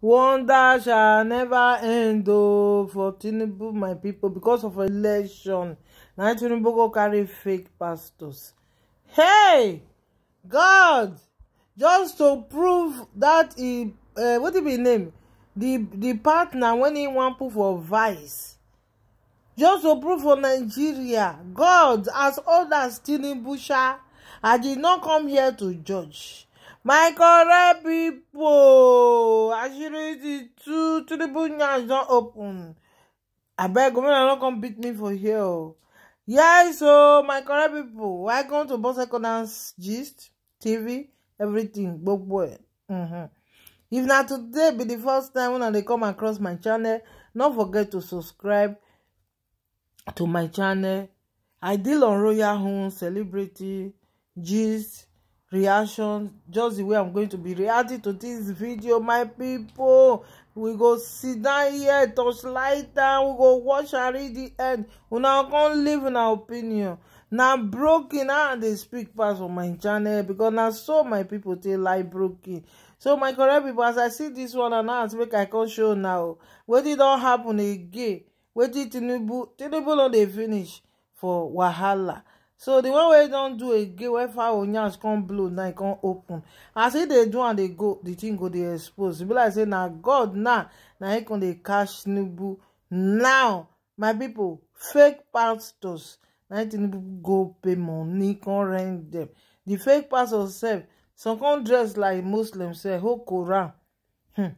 wonder shall never end Oh, for tinubu my people, because of election na tinubu go carry fake pastors hey god just to prove that he, eh, what e be name the the partner wen he wan put for vice just to prove for nigeria god as odas tinubu sha i did not come here to judge my correct pipo ashiri di two triple nyash don open I beg women not come beat me for here Yeah, so o my correct pipo welcome to boss economics gist tv everything gbogbo e if not today be the first time when they come across my channel don't forget to subscribe to my channel i deal on royal home celebrity gist reaction just the way i'm going to be reacting to this video my people. we go sit down here touch light down we go watch and read the end una come leave our opinion Now broken na they speak pass on my channel because na so my people take like broken so my correct people, as i see this one announce make i come show now did all happen again did tinubu tinubu not they finish for wahala so the one wey don do again wey fowl yansh come blow now e come open as e dey do am dey go the thing go dey expose e be like say na god now na e come dey catch tinubu now my people, fake pastors na tinubu go pay money come rent them. The fake pastors sef some come dress like muslim sef hold koran hmm.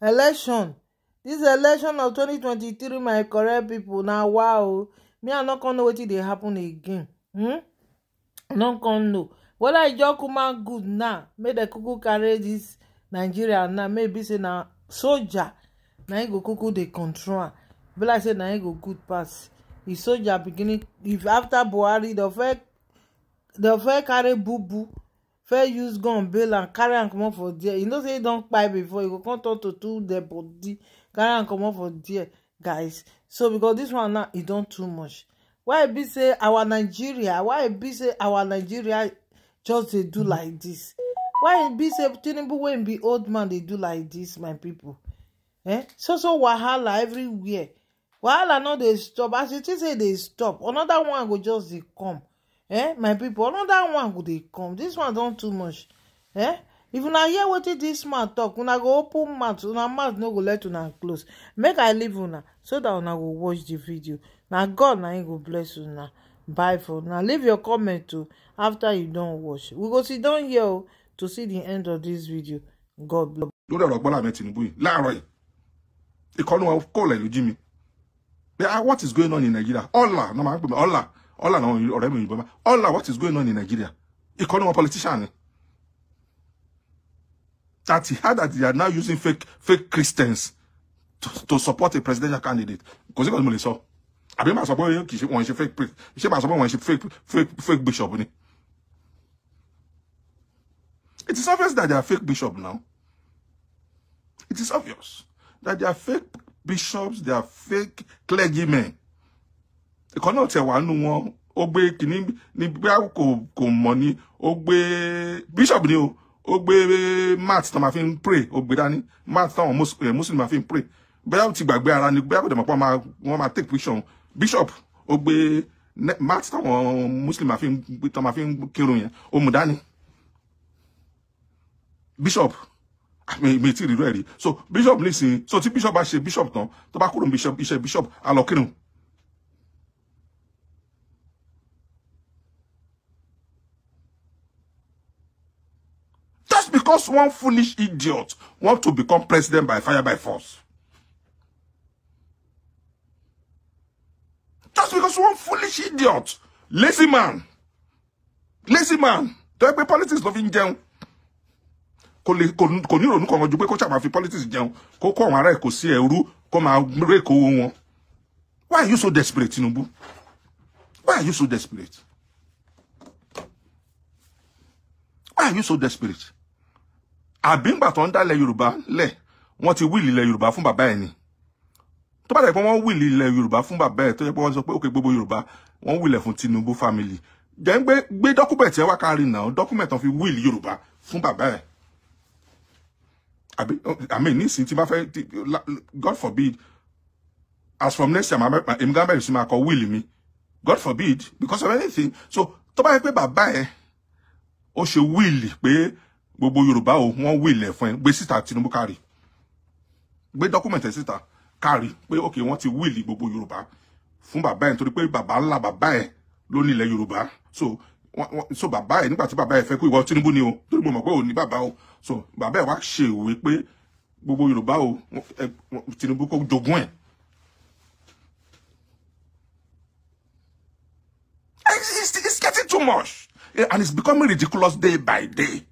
election this election of 2023 my correct people. na wow me i no come know wetin dey happen again hmm no come know whether e just kuma good now make dem kuku carry dis nigeria now may e be say na soldier na im e go kuku dey control am e be like say na im go good pass di soldier beginning if after buhari dem first dem first carry bubu first use gun bail am carry am comot for there you know say e don kpai before e go come turn to two dem body carry am comot for there guys so because this one now e don too much why e be say our nigeria why e be say our nigeria just dey do mm-hmm. like this. why e be say tinubu wey be old man dey do like this, my people. eh so so wahala everywhere wahala no dey stop as you think say e dey stop Another one go just dey come eh my people. Another one go dey come This one don too much eh if una hear wetin dis man talk una go open mouth una mouth no go let una close make i leave una so dat una go watch the video na god na him go bless una bye for una leave your comment too after you don watch we go sit down here o to see the end of this video god bless. lórí ọ̀rọ̀ gbọ́lá mi Tinubu yìí láàárọ̀ yìí ìkọ́nù wọn kò lẹ̀ lójú mi ah, what is going on in Nigeria ọ̀là ọ̀là ọ̀rẹ́ mi òyìnbó ọ̀là what is going on in Nigeria ìkọ́nù wọn politician ni that he had that they are now using fake fake Christians to, to support a presidential candidate. Because sí kan mo lè sọ. Àbí ma sọ pé kì í fake priest. Ṣé ma sọ pé wọ́n fake fake fake bishop It is obvious that they are fake bishop now. It is obvious that they are fake bishops, they are fake clergymen. Ìkan cannot tẹ̀ one nù wọn, ó gbé kìíní ní bí kò mọ̀ ni, bishop ni ó gbé mat tán máa fi pray ó gbé dání mat táwọn eh, muslim máa fi pray bóyá ó ti gbàgbé ara ni bóyá kò dẹ̀mọ̀ ma wọ́n máa take picture bishop ó gbé mat táwọn muslim máa fi ń kírun yẹn ó mú dání bishop ah, mi ti rírọ ẹ so bishop nísìnyí so tí bishop bá ṣe bishop tán tó bá bishop iṣẹ́ bishop alọkírun Just one foolish idiot want to become president by fire by force. Just because one foolish idiot, lazy man, lazy man, tó yẹ politics ló fi ń jẹun. Kò lè kò politics jẹun, kó kó àwọn ará Èkó sí ẹ̀rú, kó máa Why are you so desperate, Tinubu? Why are you so desperate? Why are you so desperate? àbí ńgbà tó ń dálẹ̀ yorùbá lẹ̀ wọ́n ti wíìlì ilẹ̀ yorùbá fún bàbá ẹ̀ ni tó bá dẹ̀ pé wọ́n wíìlì ilẹ̀ yorùbá fún bàbá ẹ̀ tó yẹ pé wọ́n sọ pé òkè gbogbo yorùbá wọ́n wíìlẹ̀ fún tinubu family jẹ́ ń gbé dọ́kúmẹ̀tì ẹ̀ wá kárí náà dọ́kúmẹ̀tì wọn fi wíìlì yorùbá fún bàbá ẹ̀ àbí àmì nísìnyí tí bá fẹ́ god forbid as from next year, èmi gan bẹ̀rẹ̀ sí máa kọ wíìlì mi god forbid because of anything so tó bá yẹ pé bàbá ẹ̀ ó ṣe wíìlì pé gbogbo Yorùbá o wọ́n wílẹ̀ fún ẹ gbé síta Tinubu kárì gbé dọ́kúmẹ̀ntì ẹ̀ síta kárì pé ok wọ́n ti wíìlì gbogbo Yorùbá fún bàbá ẹ̀ nítorí pé bàbá ńlá bàbá ẹ̀ ló nílẹ̀ Yorùbá so so bàbá ẹ̀ nígbà tí bàbá ẹ̀ fẹ́ kú ìwọ Tinubu ni o torí mo mọ̀ pé ò ní bàbá o so bàbá ẹ̀ wá ṣe ìwé pé gbogbo Yorùbá o Tinubu kò jogún ẹ̀ it's, it's getting too much and it's becoming ridiculous day by day.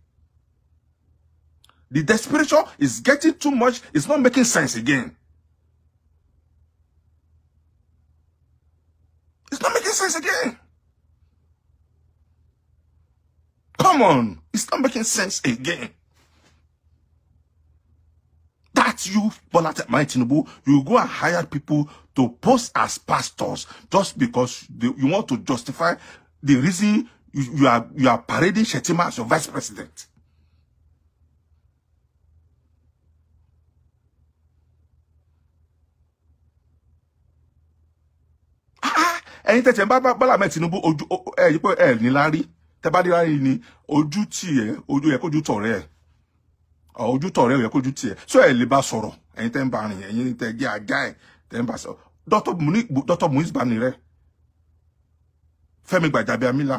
The desperation is getting too much. It's not making sense again. It's not making sense again. Come on. It's not making sense again. That's you, Bola Tinubu. You go and hire people to post as pastors just because they, you want to justify the reason you, you, are, you are parading Shetima as your vice president. ẹ̀yin tẹ̀sẹ̀ ń bá Bọ́lá Ahmed Tinubu ojú ẹ̀ yí pé ẹ̀ ní lárí tẹ bá dé ni ojú tì ẹ̀ ojú yẹ kójú tọ̀rẹ́ ẹ̀ ojú tọ̀rẹ́ yẹ kójú tì ẹ̀ so ẹ̀ lè bá sọ̀rọ̀ ẹ̀yin tẹ́ ń bá rìn ẹ̀yin tẹ́ jẹ́ ajá ẹ̀ tẹ́ ń bá sọ̀rọ̀ dọ́tọ̀ Muiz Banire Fẹ́mi Gbàjàbíàmílà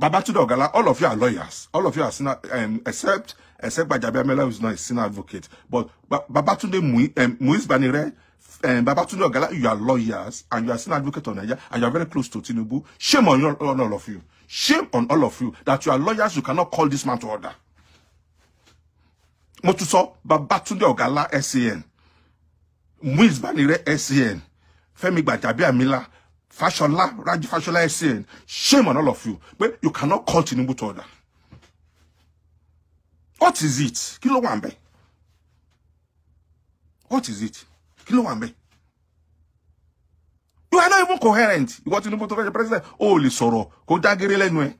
Babatude Ogala, all of you are lawyers. All of you are sinner, um, except except Bajabi Amela, who's not a senior advocate. But ba Babatunde um, Muiz Banire, um, Babatunde Ogala, you are lawyers and you are senior advocate on Nigeria and you are very close to Tinubu. Shame on, your, on all of you. Shame on all of you that you are lawyers, you cannot call this man to order. Mo tún sọ, Babatunde Ogala, SCN. Muiz Banire, SCN. Femi Bajabi Miller. Fashola, Raji Fashola is saying, shame on all of you. But you cannot call Tinubu to order. What is it? Kí ló What is it? Kí ló You are not even coherent. You Ìwọ Tinubu tó fẹ́ ṣe president, o lè sọ̀rọ̀ kó dágéré lẹ́nu ẹ.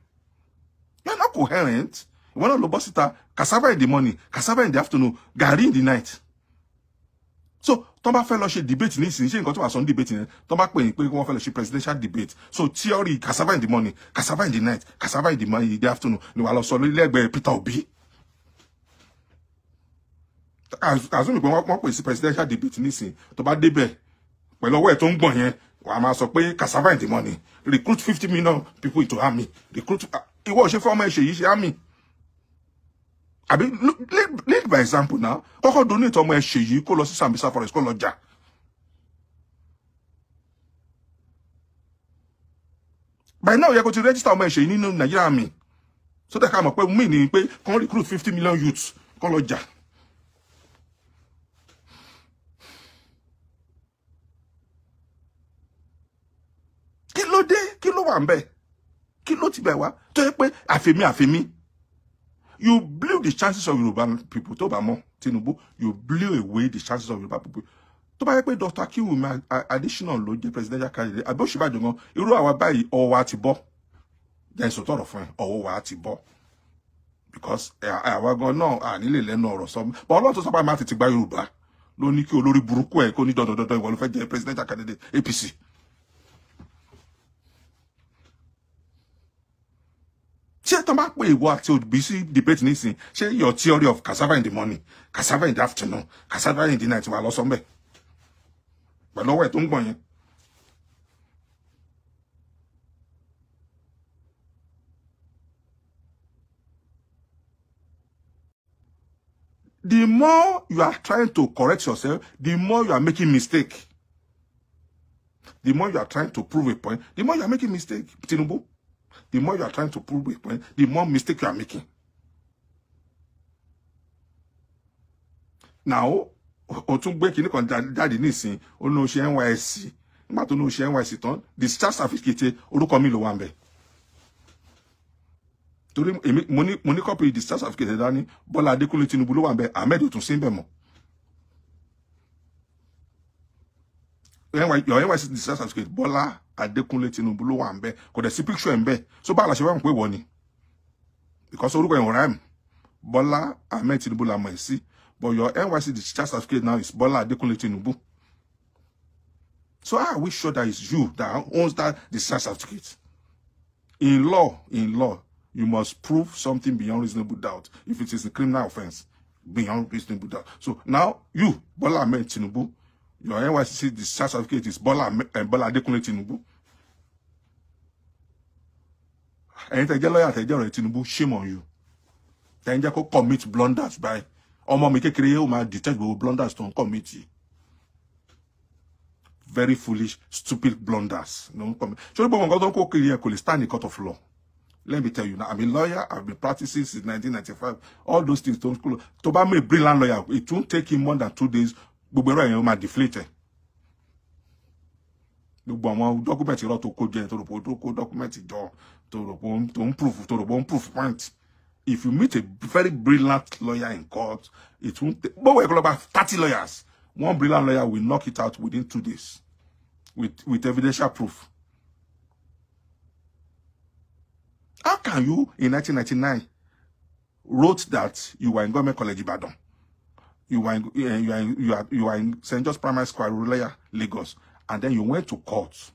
You are not coherent. Ìwọ náà lọ bọ́ síta, cassava in the morning, cassava in the afternoon, gààrí in the night so tọ́n bá fẹ́ lọ ṣe debate nísìnyí ṣé nǹkan tó wà sọ ní debate yẹn tọ́n bá pè yín pé wọ́n fẹ́ lọ ṣe presidential debate so theory cassava in the morning cassava in the night cassava in the morning in the afternoon ni wàá lọ sọ lẹ́gbẹ̀ẹ́ Peter Obi àzúmi pé wọ́n pè sí presidential debate nísìnyí tó bá débẹ̀ pẹ̀lú ọwọ́ ẹ̀ tó ń gbọ̀n yẹn wàá máa sọ pé cassava in the morning recruit fifty million people into army recruit ìwọ ò ṣe fẹ́ ọmọ ẹ̀ ṣèyí ṣe army àbí lead by example now kọ́kọ́ donate ọmọ ẹ ṣèyí kó lọ sí Sambisa forest kó lọ jà. by now yẹ kó to register ọmọ ẹ ṣèyí nínú Nàìjíríà mi so that ká mọ̀ pé mí ni pé kàn recruit fifty million youths kó lọ jà. kí ló dé kí ló wà ń bẹ kí ló ti bẹ̀ wá tó yẹ pé àfẹmí àfẹmí. You blew the chances of Yoruba people. To bá mọ̀, Tinubu, you blew away the chances of Yoruba people. To bá yẹ pé Dr. Akinwumi additional ló jẹ́ presidential candidate. Àbí Ọ̀ṣínbàjò gan, irú àwa báyìí ọwọ́ wa ti bọ́. Jẹ́ sọ tọ̀rọ̀ fún ẹ, ọwọ́ wa ti bọ́. Because àwa gan náà à nílè lẹ́nu ọ̀rọ̀ sọ. But to tó sọ pé máa tètè gba Yorùbá ló ní kí olórí burúkú ẹ̀ kó ní dandandandan ìwọ ló fẹ́ jẹ́ presidential candidate APC. ṣé tó máa pè ìwọ àti òbí debate nísìn ṣé your theory of cassava in the morning cassava in the afternoon cassava in the night wà lọ́sọ̀ mbẹ̀ pẹ̀lú ọwọ́ ẹ̀ tó ń gbọ̀n yẹn. The more you are trying to correct yourself, the more you are making mistake. The more you are trying to prove a point, the more you are making mistake, Tinubu the more you are trying to prove a point, the more mistake you are making. Now, o tún gbé kinní kan jáde nísìn, ó ló ṣe NYSC. Nígbà tó ló ṣe the star certificate orúkọ mi ló wà ńbẹ̀. Torí èmi mo copy the star certificate dání, Bọ́lá Adékúnlé Tinubu ló wà ńbẹ̀, Ahmed ò tún Your NYC discharge certificate bola adekunle Tinubu ló wà ń bẹ kò dẹ̀ picture ń so báwo la ṣe wá ń pè ni because orúkọ yẹn ò ráìmù Bọ́lá Ahmed Tinubu la mọ̀ ẹ́ but your NYC discharge certificate now is bola adekunle Tinubu so how are we sure that it's you that owns that discharge certificate in law in law you must prove something beyond reasonable doubt if it is a criminal offense beyond reasonable doubt so now you bola Ahmed Tinubu Your NYCC discharge certificate is Bola and eh, Bola Adekunle Tinubu. Ẹ̀yin tẹ́ jẹ́ lawyer tẹ́ jẹ́ ọ̀rẹ́ Tinubu shame on you. Then you kó commit blunders by ọmọ mi kékeré ó máa detect gbogbo blunders tó commit yìí. Very foolish, stupid blunders. No commit. Ṣé gbogbo nǹkan tó ń kó kiri ẹ̀ kò lè stand in court of law? Let me tell you now, I'm a lawyer. I've been practicing since 1995. All those things don't school. buy me a brilliant lawyer. It won't take him more than two days gbogbo ẹ̀rọ yẹn ó máa deflate gbogbo àwọn dọ́kúmẹ̀tì irọ́ tó kó jẹ tó rò pé ó kó dọ́kúmẹ̀tì jọ tó rò pé tó ń proof tó rò pé ń proof point if you meet a very brilliant lawyer in court it won't take bọ́wọ́ ẹ̀kọ́ lọ́ba thirty lawyers one brilliant lawyer will knock it out within two days with with evidential proof. How can you in 1999 wrote that you were in government college Ibadan? you were eh, in, you are you are, you are in St. George Primary School, Arulaya, Lagos, and then you went to court.